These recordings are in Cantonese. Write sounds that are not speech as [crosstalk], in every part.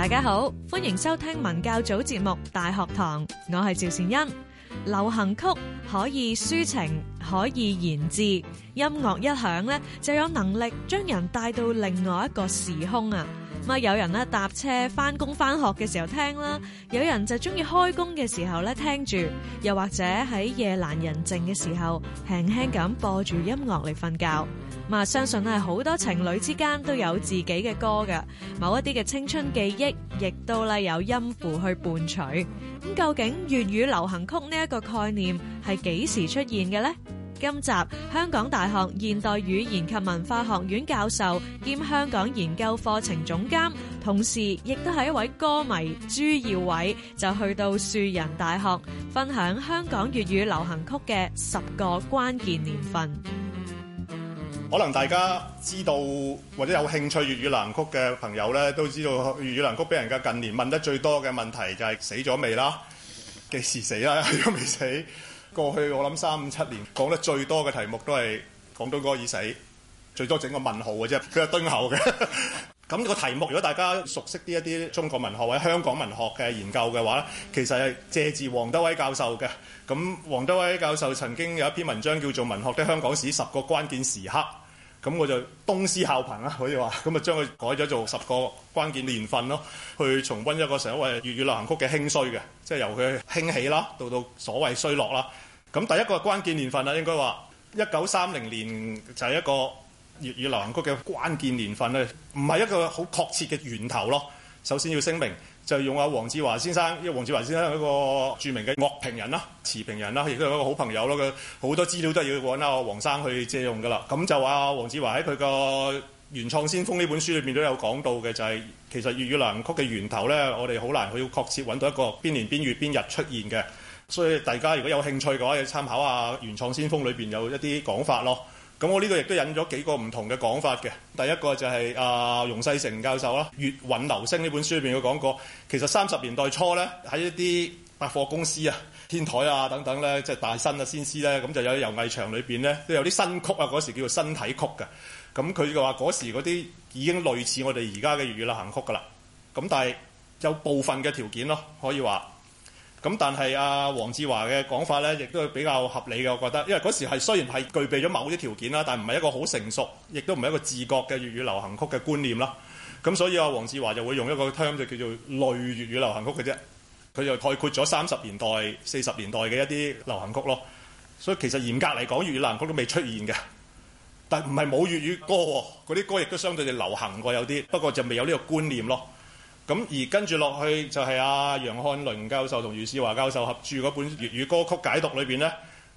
大家好，歡迎收聽文教組節目《大學堂》，我係趙善恩。流行曲，可以抒情，可以言志，音樂一響咧，就有能力將人帶到另外一個時空啊！啊，有人咧搭車翻工翻學嘅時候聽啦，有人就中意開工嘅時候咧聽住，又或者喺夜闌人靜嘅時候，輕輕咁播住音樂嚟瞓覺。相信係好多情侶之間都有自己嘅歌嘅，某一啲嘅青春記憶，亦都啦有音符去伴隨。咁究竟粵語流行曲呢一個概念係幾時出現嘅呢？今集香港大學現代語言及文化學院教授兼香港研究課程總監，同時亦都係一位歌迷朱耀偉，就去到樹仁大學分享香港粵語流行曲嘅十個關鍵年份。可能大家知道或者有興趣粵語難曲嘅朋友呢，都知道粵語難曲俾人家近年問得最多嘅問題就係、是、死咗未啦？幾時死啦？都未死。過去我諗三五七年講得最多嘅題目都係廣東歌已死，最多整個問號嘅啫。佢係敦後嘅。咁個題目如果大家熟悉啲一啲中國文學或者香港文學嘅研究嘅話呢，其實係借自王德威教授嘅。咁王德威教授曾經有一篇文章叫做《文學的香港史十個關鍵時刻》。咁我就東施效顰啦，可以話，咁啊將佢改咗做十個關鍵年份咯，去重溫一個所謂粵語流行曲嘅興衰嘅，即係由佢興起啦，到到所謂衰落啦。咁第一個關鍵年份喇，應該話一九三零年就係一個粵語流行曲嘅關鍵年份咧，唔係一個好確切嘅源頭咯。首先要聲明。就用阿黃志華先生，因為黃志華先生係一個著名嘅樂評人啦、詞評人啦，亦都係一個好朋友咯。佢好多資料都要揾阿黃生去借用噶啦。咁就話黃志華喺佢個《原創先鋒》呢本書裏面都有講到嘅，就係、是、其實粵語流行曲嘅源頭呢。我哋好難去確切揾到一個邊年邊月邊日出現嘅，所以大家如果有興趣嘅話，要參考下《原創先鋒》裏邊有一啲講法咯。咁我呢個亦都引咗幾個唔同嘅講法嘅。第一個就係、是、阿、啊、容世成教授啦，《粵韻留聲》呢本書裏邊佢講過，其實三十年代初呢，喺一啲百貨公司啊、天台啊等等呢，即、就、係、是、大新啊、先施呢，咁就有啲遊藝場裏面呢，都有啲新曲啊。嗰時叫做新體曲嘅。咁佢就話嗰時嗰啲已經類似我哋而家嘅粵語流行曲噶啦。咁但係有部分嘅條件咯，可以話。咁但係阿黃志華嘅講法呢，亦都係比較合理嘅，我覺得，因為嗰時係雖然係具備咗某啲條件啦，但係唔係一個好成熟，亦都唔係一個自覺嘅粵語流行曲嘅觀念啦。咁所以阿黃志華就會用一個 term 就叫做類粵語流行曲嘅啫，佢就概括咗三十年代、四十年代嘅一啲流行曲咯。所以其實嚴格嚟講，粵語流行曲都未出現嘅。但唔係冇粵語歌，哦，嗰啲歌亦都相對地流行過有啲，不過就未有呢個觀念咯。咁而跟住落去就係阿、啊、楊漢倫教授同余思華教授合著嗰本《粵語歌曲解讀》裏邊咧，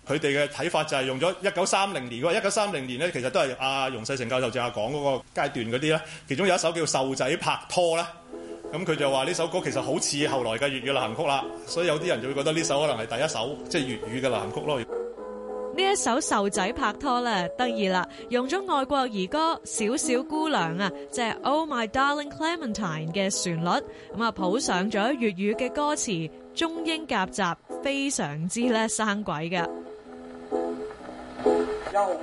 佢哋嘅睇法就係用咗一九三零年，一九三零年咧其實都係阿、啊、容世成教授正話講嗰個階段嗰啲呢，其中有一首叫《瘦仔拍拖》咧，咁佢就話呢首歌其實好似後來嘅粵語流行曲啦，所以有啲人就會覺得呢首可能係第一首即係粵語嘅流行曲咯。呢一首瘦仔拍拖咧，得意啦！用咗外國兒歌《小小姑娘》啊，即係《Oh My Darling Clementine》嘅旋律，咁啊，譜上咗粵語嘅歌詞，中英夾雜，非常之咧生鬼嘅。有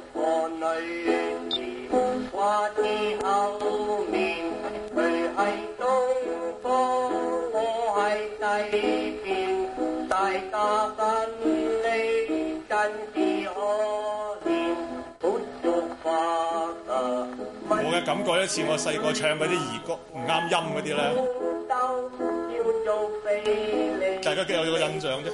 感覺一次，我細個唱嗰啲兒歌唔啱音嗰啲咧，大家都有個印象啫。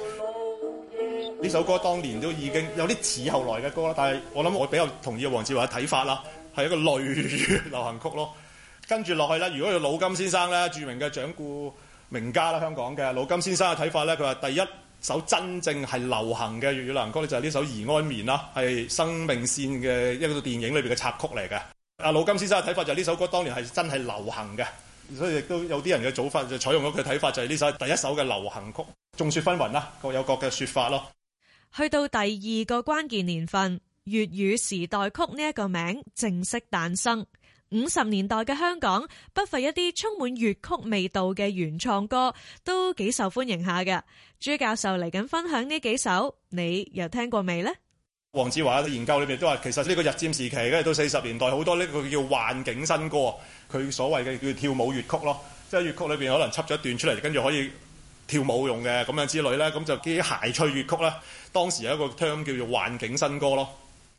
呢首歌當年都已經有啲似後來嘅歌啦，但係我諗我比較同意黃志華嘅睇法啦，係一個類流行曲咯。跟住落去咧，如果有老金先生咧，著名嘅掌故名家啦，香港嘅老金先生嘅睇法咧，佢話第一首真正係流行嘅粵語流行曲咧，就係呢首《兒安眠》啦，係《生命線》嘅一個電影裏面嘅插曲嚟嘅。阿老金先生嘅睇法就係呢首歌當年係真係流行嘅，所以亦都有啲人嘅做法就採用咗佢睇法，就係呢首第一首嘅流行曲，眾說紛紜啦，各有各嘅說法咯。去到第二個關鍵年份，粵語時代曲呢一個名正式誕生。五十年代嘅香港，不乏一啲充滿粵曲味道嘅原創歌，都幾受歡迎下嘅。朱教授嚟緊分享呢幾首，你又聽過未咧？黃志華研究裏邊都話，其實呢個日佔時期嘅到四十年代，好多呢個叫幻境新歌，佢所謂嘅叫跳舞粵曲咯，即係粵曲裏邊可能插咗一段出嚟，跟住可以跳舞用嘅咁樣之類呢，咁就機械吹粵曲呢。當時有一個 term 叫做幻境新歌咯，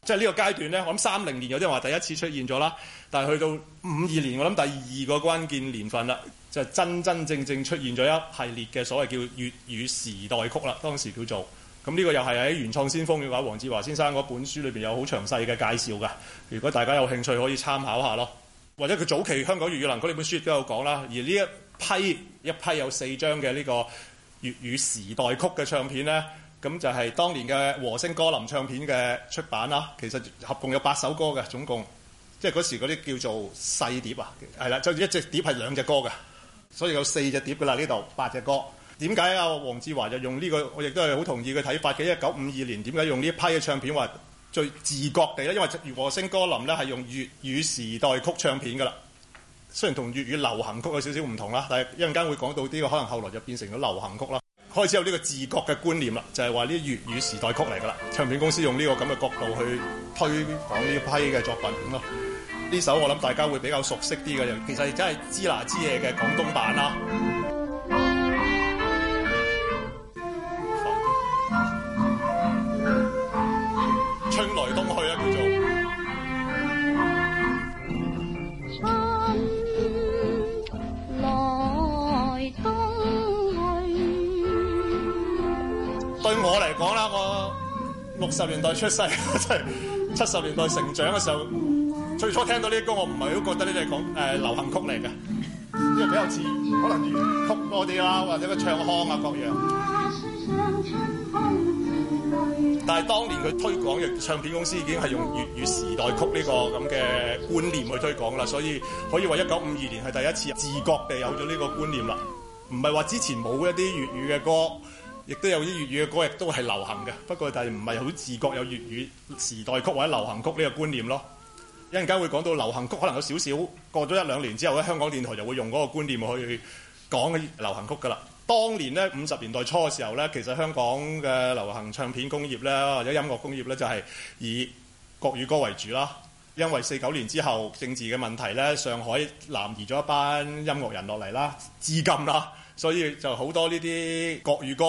即係呢個階段呢，我諗三零年有啲人話第一次出現咗啦，但係去到五二年，我諗第二個關鍵年份啦，就係真真正正出現咗一系列嘅所謂叫粵語時代曲啦，當時叫做。咁呢個又係喺原創先鋒嘅話，黃志華先生嗰本書裏面有好詳細嘅介紹㗎。如果大家有興趣，可以參考下咯。或者佢早期香港粵語流行曲嗰本書都有講啦。而呢一批一批有四張嘅呢個粵語時代曲嘅唱片呢，咁就係當年嘅和聲歌林唱片嘅出版啦。其實合共有八首歌嘅總共，即係嗰時嗰啲叫做細碟啊，係啦，就一隻碟係兩隻歌㗎，所以有四隻碟㗎啦，呢度八隻歌。點解啊？黃志華就用呢、這個，我亦都係好同意佢睇法嘅。一九五二年點解用呢一批嘅唱片話最自覺地咧？因為《和聲歌林》咧係用粵語時代曲唱片㗎啦。雖然同粵語流行曲有少少唔同啦，但係一陣間會講到呢個可能後來就變成咗流行曲啦。開始有呢個自覺嘅觀念啦，就係話呢粵語時代曲嚟㗎啦。唱片公司用呢個咁嘅角度去推廣呢批嘅作品咯。呢首我諗大家會比較熟悉啲嘅，其實而家係《支那之夜》嘅廣東版啦。年代出世，即係七十年代成長嘅時候，最初聽到呢啲歌，我唔係都覺得呢啲係講誒流行曲嚟嘅，因為比較似可能粵曲多啲啦，或者個唱腔啊各樣。但係當年佢推廣嘅唱片公司已經係用粵語時代曲呢個咁嘅觀念去推廣啦，所以可以話一九五二年係第一次自覺地有咗呢個觀念啦，唔係話之前冇一啲粵語嘅歌。亦都有啲粵語嘅歌，亦都係流行嘅。不過，但係唔係好自覺有粵語時代曲或者流行曲呢個觀念咯。有陣間會講到流行曲，可能有少少過咗一兩年之後咧，香港電台就會用嗰個觀念去講流行曲㗎啦。當年呢，五十年代初嘅時候呢，其實香港嘅流行唱片工業呢，或者音樂工業呢，就係以國語歌為主啦。因為四九年之後政治嘅問題呢，上海南移咗一班音樂人落嚟啦，資金啦，所以就好多呢啲國語歌。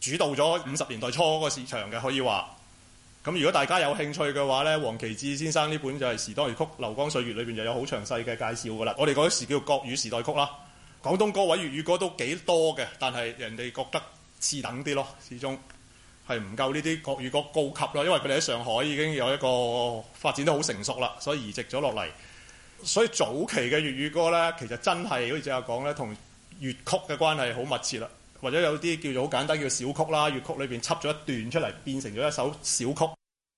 主導咗五十年代初嗰個市場嘅，可以話咁。如果大家有興趣嘅話呢，黃奇智先生呢本就係、是《時代曲流光歲月》裏邊就有好詳細嘅介紹噶啦。我哋嗰時叫做國語時代曲啦，廣東歌、位粵語歌都幾多嘅，但係人哋覺得次等啲咯，始終係唔夠呢啲國語歌高級咯。因為佢哋喺上海已經有一個發展得好成熟啦，所以移植咗落嚟。所以早期嘅粵語歌呢，其實真係好似阿講呢，同粵曲嘅關係好密切啦。或者有啲叫做好簡單叫小曲啦，粵曲裏邊輯咗一段出嚟，變成咗一首小曲。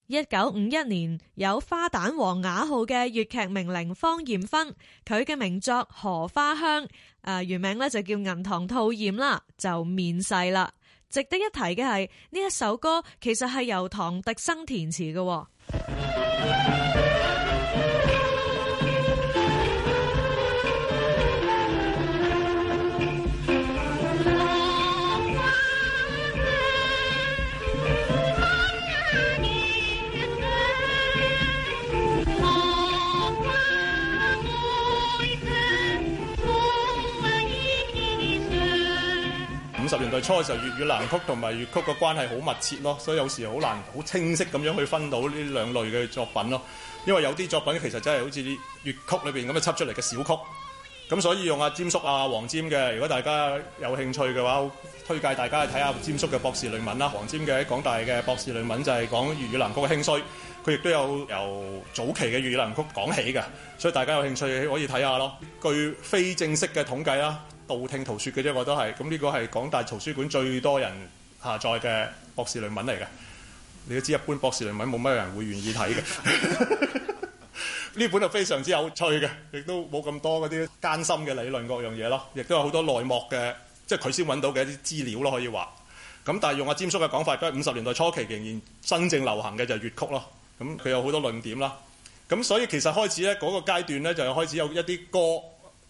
一九五一年有花旦王雅號嘅粵劇名伶芳艷芬，佢嘅名作《荷花香》，誒原名咧就叫《銀塘吐豔》啦，就面世啦。值得一提嘅係呢一首歌其實係由唐滌生填詞嘅。 [music] 初時候粵語南曲同埋粵曲嘅關係好密切咯，所以有時好難好清晰咁樣去分到呢兩類嘅作品咯。因為有啲作品其實真係好似粵曲裏邊咁樣輯出嚟嘅小曲，咁所以用阿霑叔、阿黃霑嘅，如果大家有興趣嘅話，推介大家去睇下霑叔嘅博士論文啦，黃霑嘅港大嘅博士論文就係講粵語南曲嘅興衰，佢亦都有由早期嘅粵語南曲講起嘅，所以大家有興趣可以睇下咯。據非正式嘅統計啦。道聽途説嘅啫，我都係。咁呢個係港大圖書館最多人下載嘅博士論文嚟嘅。你都知道一般博士論文冇乜人會願意睇嘅。呢 [laughs] 本係非常之有趣嘅，亦都冇咁多嗰啲艱深嘅理論各樣嘢咯。亦都有好多內幕嘅，即係佢先揾到嘅一啲資料咯，可以話。咁但係用阿、啊、詹叔嘅講法，都係五十年代初期仍然真正流行嘅就係粵曲咯。咁佢有好多論點啦。咁所以其實開始呢嗰個階段呢，就開始有一啲歌。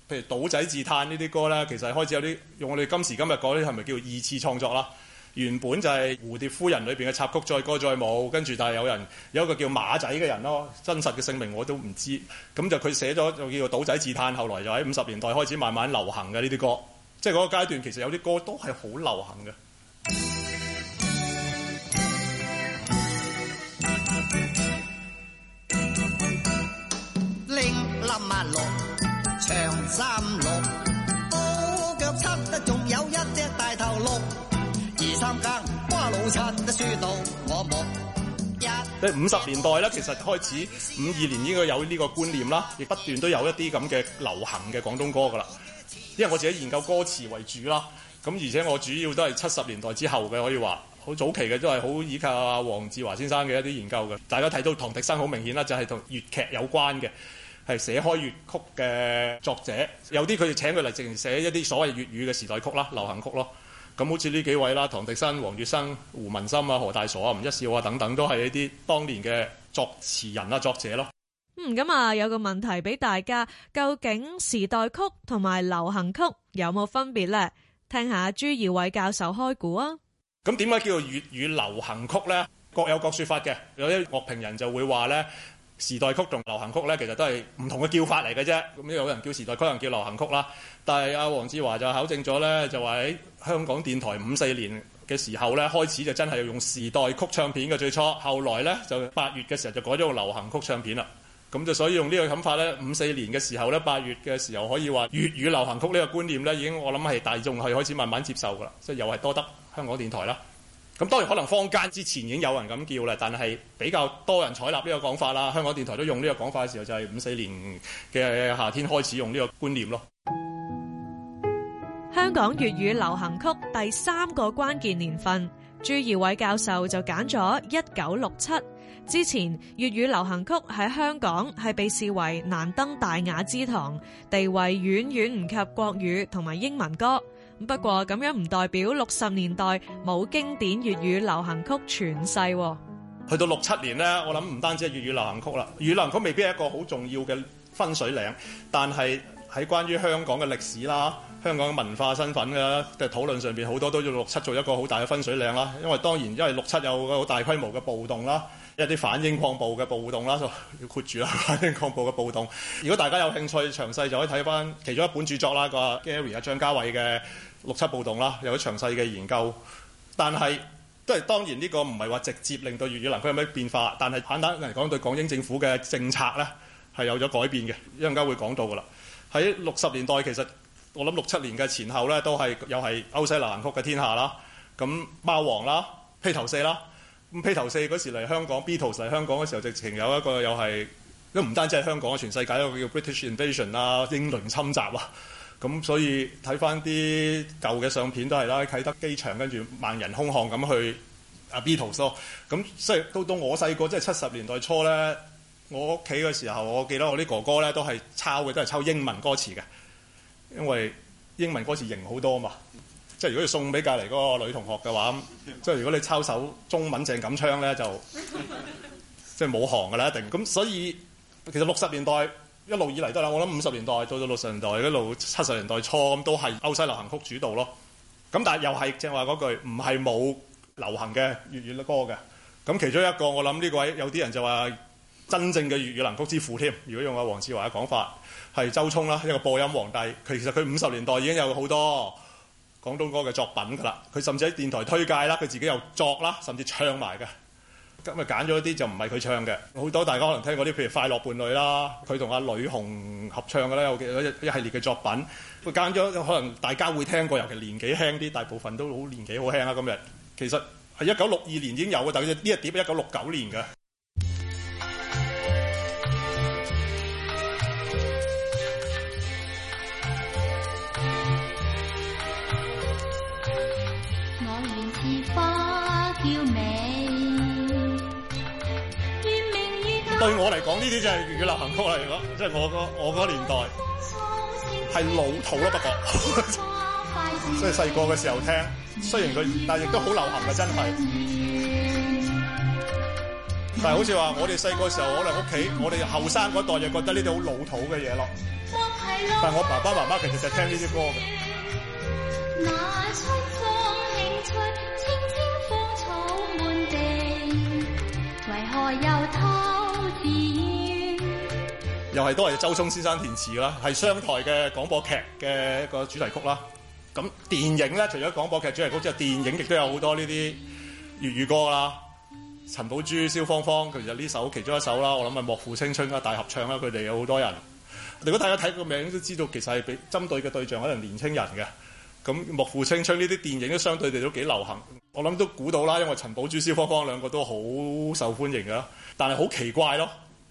譬如《島仔自探」呢啲歌呢，其實開始有啲用我哋今時今日講，呢係咪叫二次創作啦？原本就係《蝴蝶夫人》裏面嘅插曲，再歌再舞，跟住但係有人有一個叫馬仔嘅人咯，真實嘅姓名我都唔知，咁就佢寫咗就叫做《島仔自探》，後來就喺五十年代開始慢慢流行嘅呢啲歌，即係嗰個階段其實有啲歌都係好流行嘅。五十年代咧，其實開始五二年應該有呢個觀念啦，亦不斷都有一啲咁嘅流行嘅廣東歌噶啦。因為我自己研究歌詞為主啦，咁而且我主要都係七十年代之後嘅，可以話好早期嘅都係好依靠黃志華先生嘅一啲研究嘅。大家睇到唐迪生好明顯啦，就係同粵劇有關嘅，係寫開粵曲嘅作者。有啲佢哋請佢嚟寫一啲所謂粵語嘅時代曲啦、流行曲咯。咁好似呢幾位啦，唐迪生、黃月生、胡文森啊、何大傻啊、吳一笑啊等等，都係呢啲當年嘅作詞人啦、作者咯。嗯，咁啊有個問題俾大家，究竟時代曲同埋流行曲有冇分別咧？聽下朱耀偉教授開估啊。咁點解叫做粵語流行曲咧？各有各説法嘅，有啲樂評人就會話咧。時代曲同流行曲呢，其實都係唔同嘅叫法嚟嘅啫。咁有人叫時代曲，有人叫流行曲啦。但係阿黃志華就考證咗呢，就話喺香港電台五四年嘅時候呢，開始就真係要用時代曲唱片嘅最初，後來呢，就八月嘅時候就改咗個流行曲唱片啦。咁就所以用呢個諗法呢，五四年嘅時候呢，八月嘅時候可以話粵語流行曲呢個觀念呢，已經我諗係大眾係開始慢慢接受㗎啦。即係又係多得香港電台啦。咁當然可能坊間之前已經有人咁叫啦，但係比較多人採納呢個講法啦。香港電台都用呢個講法嘅時候，就係五四年嘅夏天開始用呢個觀念咯。香港粵語流行曲第三個關鍵年份，朱耀偉教授就揀咗一九六七。之前粵語流行曲喺香港係被視為難登大雅之堂，地位遠遠唔及國語同埋英文歌。不過咁樣唔代表六十年代冇經典粵語流行曲傳世啊。去到六七年呢，我諗唔單止係粵語流行曲啦，語流行曲未必係一個好重要嘅分水嶺。但係喺關於香港嘅歷史啦、香港嘅文化身份嘅嘅討論上邊，好多都要六七做一個好大嘅分水嶺啦。因為當然，因為六七有個好大規模嘅暴動啦，一啲反英抗暴嘅暴動啦，就要括住啦，反英抗暴嘅暴動。如果大家有興趣詳細，就可以睇翻其中一本著作啦，個 Gary 啊，張家偉嘅。六七暴動啦，有咗詳細嘅研究，但係都係當然呢個唔係話直接令到粵語流行曲有咩變化，但係簡單嚟講，對港英政府嘅政策呢係有咗改變嘅，一陣間會講到㗎啦。喺六十年代，其實我諗六七年嘅前後呢，都係又係歐西流行曲嘅天下啦。咁貓王啦，披頭四啦，咁披頭四嗰時嚟香港 Beatles 嚟香港嘅時候，直情有一個又係都唔單止係香港，全世界有一個叫 British Invasion 啦，英倫侵襲啊。咁所以睇翻啲舊嘅相片都係啦，啟德機場跟住萬人空巷咁去阿 Beatles，咁所以到到我細個即係七十年代初呢，我屋企嘅時候，我記得我啲哥哥呢都係抄嘅，都係抄，抄英文歌詞嘅，因為英文歌詞型好多啊嘛，即係如果你送俾隔離嗰個女同學嘅話，即係 [laughs] 如果你抄首中文鄭錦昌呢，就即係冇行㗎喇一定，咁所以其實六十年代。一路以嚟都啦，我諗五十年代到到六十年代一路七十年代初咁都係歐西流行曲主導咯。咁但係又係正話嗰句，唔係冇流行嘅粵語歌嘅。咁其中一個我諗呢位有啲人就話真正嘅粵語流行曲之父添。如果用阿黃志華嘅講法係周聰啦，一個播音皇帝。其實佢五十年代已經有好多廣東歌嘅作品㗎啦。佢甚至喺電台推介啦，佢自己又作啦，甚至唱埋嘅。今日揀咗啲就唔係佢唱嘅，好多大家可能聽過啲，譬如《快樂伴侶》啦，佢同阿呂紅合唱嘅啦。我記得一系列嘅作品。佢揀咗可能大家會聽過，尤其年紀輕啲，大部分都好年紀好輕啊。今日其實係一九六二年已經有嘅，但係呢一碟一九六九年嘅。對我嚟講，呢啲就係粵語流行曲嚟講，即係我個我個年代係老土咯，不過即係細個嘅時候聽，雖然佢但亦都好流行嘅，真係。但好似話，我哋細個時候我哋屋企，我哋後生嗰代又覺得呢啲好老土嘅嘢咯。但我爸爸媽媽其實就聽呢啲歌。又係都係周聰先生填詞啦，係商台嘅廣播劇嘅一個主題曲啦。咁電影呢，除咗廣播劇主題曲之外，電影亦都有好多呢啲粵語歌啦。陳寶珠、蕭芳芳，其實呢首其中一首啦。我諗咪《莫負青春》啊，大合唱啦，佢哋有好多人。如果大家睇個名都知道，其實係俾針對嘅對象可能年青人嘅。咁《莫負青春》呢啲電影都相對地都幾流行。我諗都估到啦，因為陳寶珠、蕭芳芳兩個都好受歡迎㗎啦。但係好奇怪咯～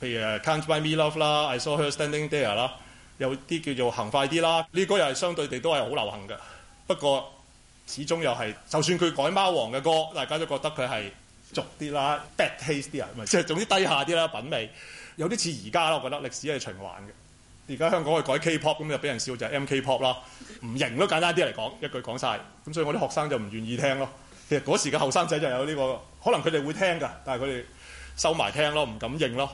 譬如誒《Can't Buy Me Love》啦，《I Saw Her Standing There》啦，有啲叫做行快啲啦。呢歌又係相對地都係好流行嘅。不過始終又係，就算佢改貓王嘅歌，大家都覺得佢係俗啲啦、bad taste 啲啊，咪即係總之低下啲啦，品味有啲似而家咯。我覺得歷史係循環嘅。而家香港去改 K-pop 咁就俾人笑就係 M K-pop 啦。唔型都簡單啲嚟講一句講晒咁，所以我啲學生就唔願意聽咯。其實嗰時嘅後生仔就有呢個可能佢哋會聽㗎，但係佢哋收埋聽咯，唔敢認咯。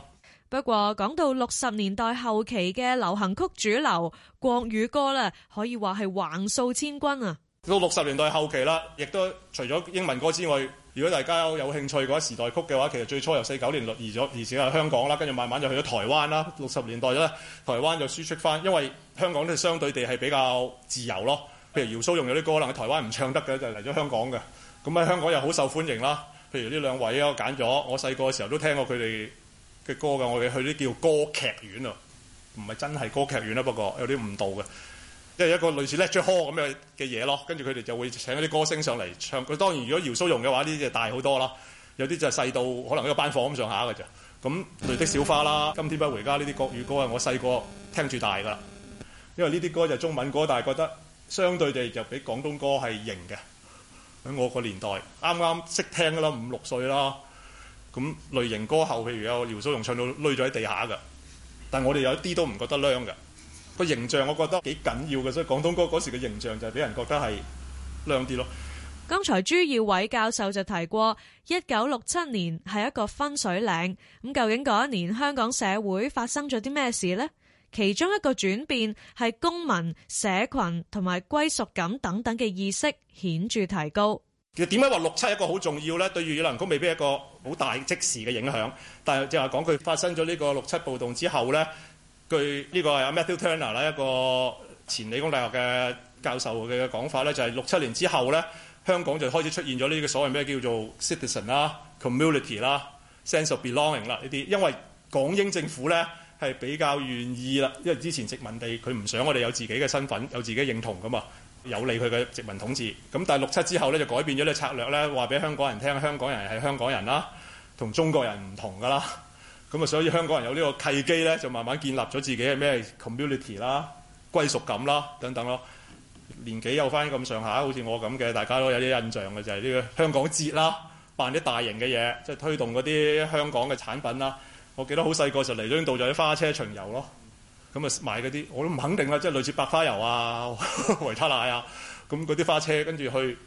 不過講到六十年代後期嘅流行曲，主流國語歌啦，可以話係橫掃千軍啊！到六十年代後期啦，亦都除咗英文歌之外，如果大家有興趣嘅時代曲嘅話，其實最初由四九年移咗移去香港啦，跟住慢慢就去咗台灣啦。六十年代咧，台灣就輸出翻，因為香港都相對地係比較自由咯。譬如姚蘇蓉有啲歌，可能喺台灣唔唱得嘅，就嚟咗香港嘅。咁喺香港又好受歡迎啦。譬如呢兩位我，我揀咗，我細個嘅時候都聽過佢哋嘅歌㗎，我哋去啲叫歌劇院啊，唔係真係歌劇院啦，不過有啲誤導嘅，因為一個類似 lecture hall 咁嘅嘅嘢咯，跟住佢哋就會請嗰啲歌星上嚟唱。佢當然，如果姚蘇蓉嘅話，呢啲就大好多啦，有啲就細到可能一個班房咁上下㗎。咋，咁《淚的小花》啦，《今天不回家》呢啲國語歌係我細個聽住大㗎，因為呢啲歌就中文歌，但係覺得相對地就比廣東歌係型嘅。喺我個年代，啱啱識聽㗎啦，五六歲啦。咁類型歌後，譬如有姚蘇蓉唱到累咗喺地下噶，但我哋有一啲都唔覺得靚噶。個形象我覺得幾緊要嘅，所以廣東歌嗰時嘅形象就係俾人覺得係靚啲咯。剛才朱耀偉教授就提過，一九六七年係一個分水嶺。咁究竟嗰一年香港社會發生咗啲咩事呢？其中一個轉變係公民、社群同埋歸屬感等等嘅意識顯著提高。其實點解話六七一個好重要呢？對於粵語文化未必一個好大即時嘅影響，但係淨係講佢發生咗呢個六七暴動之後呢，據呢個阿 Matthew Turner 一個前理工大學嘅教授嘅講法呢，就係六七年之後呢，香港就開始出現咗呢個所謂咩叫做 citizen 啦、community 啦、sense of belonging 啦、呢啲，因為港英政府呢係比較願意啦，因為之前殖民地佢唔想我哋有自己嘅身份，有自己認同噶嘛。有利佢嘅殖民統治，咁但係六七之後呢，就改變咗呢個策略呢，話俾香港人聽，香港人係香港人啦，同中國人唔同㗎啦，咁啊，所以香港人有呢個契機呢，就慢慢建立咗自己嘅咩 community 啦、歸屬感啦等等咯。年紀有翻咁上下，好似我咁嘅，大家都有啲印象嘅就係呢個香港節啦，辦啲大型嘅嘢，即係推動嗰啲香港嘅產品啦。我記得好細個就嚟將度，就啲花車巡遊咯。咁啊，就買嗰啲我都唔肯定啦，即係類似白花油啊、 [laughs] 維他奶啊，咁嗰啲花車跟住去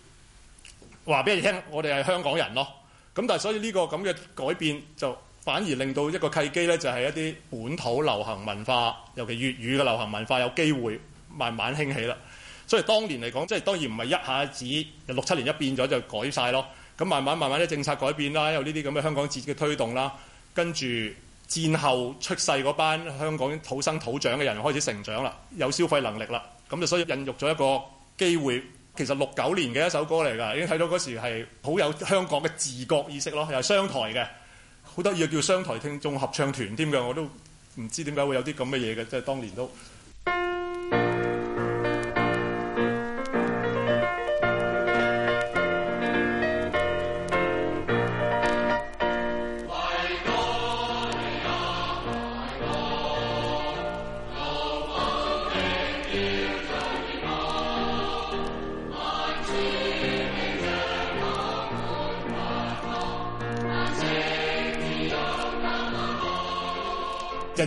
話俾人聽，我哋係香港人咯。咁但係所以呢個咁嘅改變，就反而令到一個契機呢，就係一啲本土流行文化，尤其粵語嘅流行文化有機會慢慢興起啦。所以當年嚟講，即係當然唔係一下子，六七年一變咗就改晒咯。咁慢慢慢慢啲政策改變啦，有呢啲咁嘅香港節嘅推動啦，跟住。戰後出世嗰班香港土生土長嘅人開始成長啦，有消費能力啦，咁就所以孕育咗一個機會。其實六九年嘅一首歌嚟㗎，已經睇到嗰時係好有香港嘅自覺意識咯，又係商台嘅，好得意叫商台聽眾合唱團添㗎，我都唔知點解會有啲咁嘅嘢嘅，即係當年都。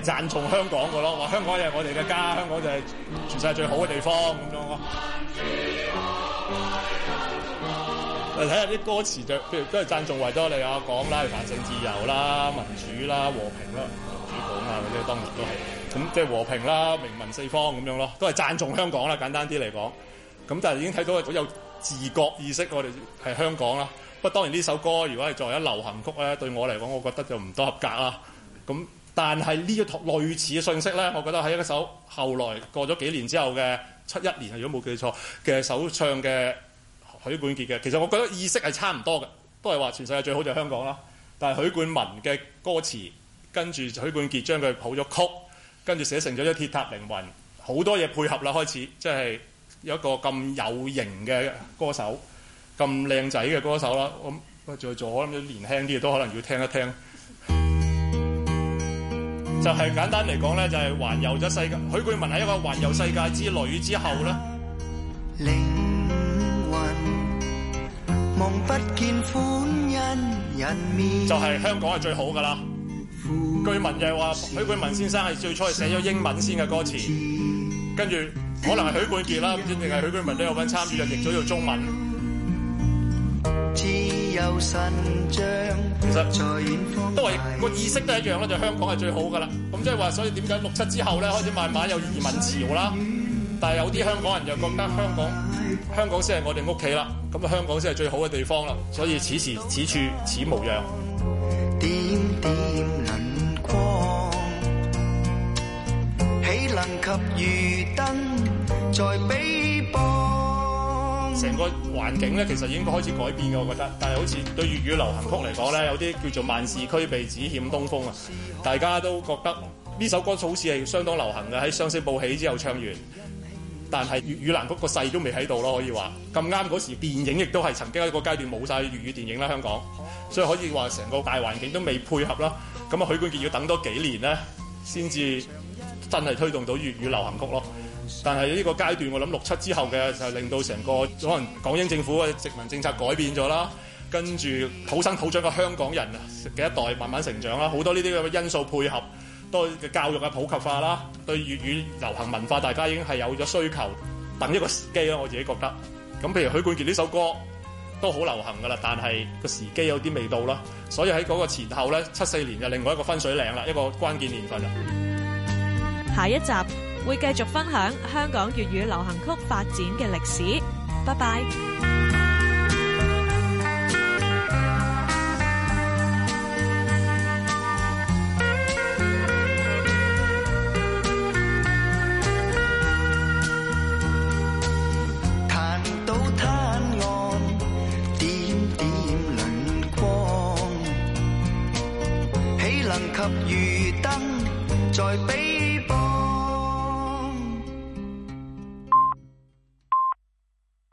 讚頌香港嘅咯，話香港又係我哋嘅家，香港就係、是、全世界最好嘅地方咁樣咯、啊。誒，睇下啲歌詞就，譬如都係讚頌維多利亞港啦，繁盛自由啦、民主啦、和平啦、民主黨啊，咁樣當然都係咁，即係、就是、和平啦、明文四方咁樣咯，都係讚頌香港啦。簡單啲嚟講，咁但係已經睇到好有自覺意識，我哋係香港啦。不過當然呢首歌，如果係作為一流行曲咧，對我嚟講，我覺得就唔多合格啊。咁但係呢個類似嘅信息呢，我覺得係一首後來過咗幾年之後嘅七一年，如果冇記錯嘅首唱嘅許冠傑嘅，其實我覺得意識係差唔多嘅，都係話全世界最好就係香港啦。但係許冠文嘅歌詞，跟住許冠傑將佢譜咗曲，跟住寫成咗《鐵塔凌雲》，好多嘢配合啦，開始即係有一個咁有型嘅歌手，咁靚仔嘅歌手啦。咁在座咁年輕啲嘅都可能要聽一聽。就係簡單嚟講咧，就係、是、環遊咗世界。許冠文喺一個環遊世界之旅之後咧，魂不見歡欣人面，就係香港係最好㗎啦。夫 據聞嘅話，許冠文先生係最初寫咗英文先嘅歌詞，嗯、跟住著可能係許冠傑啦，唔知定係許冠文都有份參與就譯咗做中文。其實都係個意識都一樣啦，就是、香港係最好噶啦。咁即係話，所以點解六七之後咧，開始慢慢有移民潮啦。但係有啲香港人就覺得香港香港先係我哋屋企啦，咁啊香港先係最好嘅地方啦。所以此時此處此模樣。點點磷光，豈能及漁燈在彼成個環境咧，其實已經開始改變嘅，我覺得。但係好似對粵語流行曲嚟講咧，有啲叫做萬事俱備，只欠東風啊！大家都覺得呢首歌好似係相當流行嘅，喺《雙星報喜》之後唱完。但係粵語流行曲個勢都未喺度咯，可以話。咁啱嗰時電影亦都係曾經一個階段冇晒粵語電影啦，香港。所以可以話成個大環境都未配合啦。咁啊，許冠傑要等多幾年呢，先至真係推動到粵語流行曲咯。但係呢個階段，我諗六七之後嘅就令到成個可能港英政府嘅殖民政策改變咗啦，跟住土生土長嘅香港人啊嘅一代慢慢成長啦，好多呢啲咁嘅因素配合，多嘅教育嘅普及化啦，對粵語流行文化大家已經係有咗需求，等一個時機啦。我自己覺得，咁譬如許冠傑呢首歌都好流行㗎啦，但係個時機有啲未到啦，所以喺嗰個前後呢，七四年就另外一個分水嶺啦，一個關鍵年份啦。下一集。會繼續分享香港粵語流行曲發展嘅歷史。拜拜。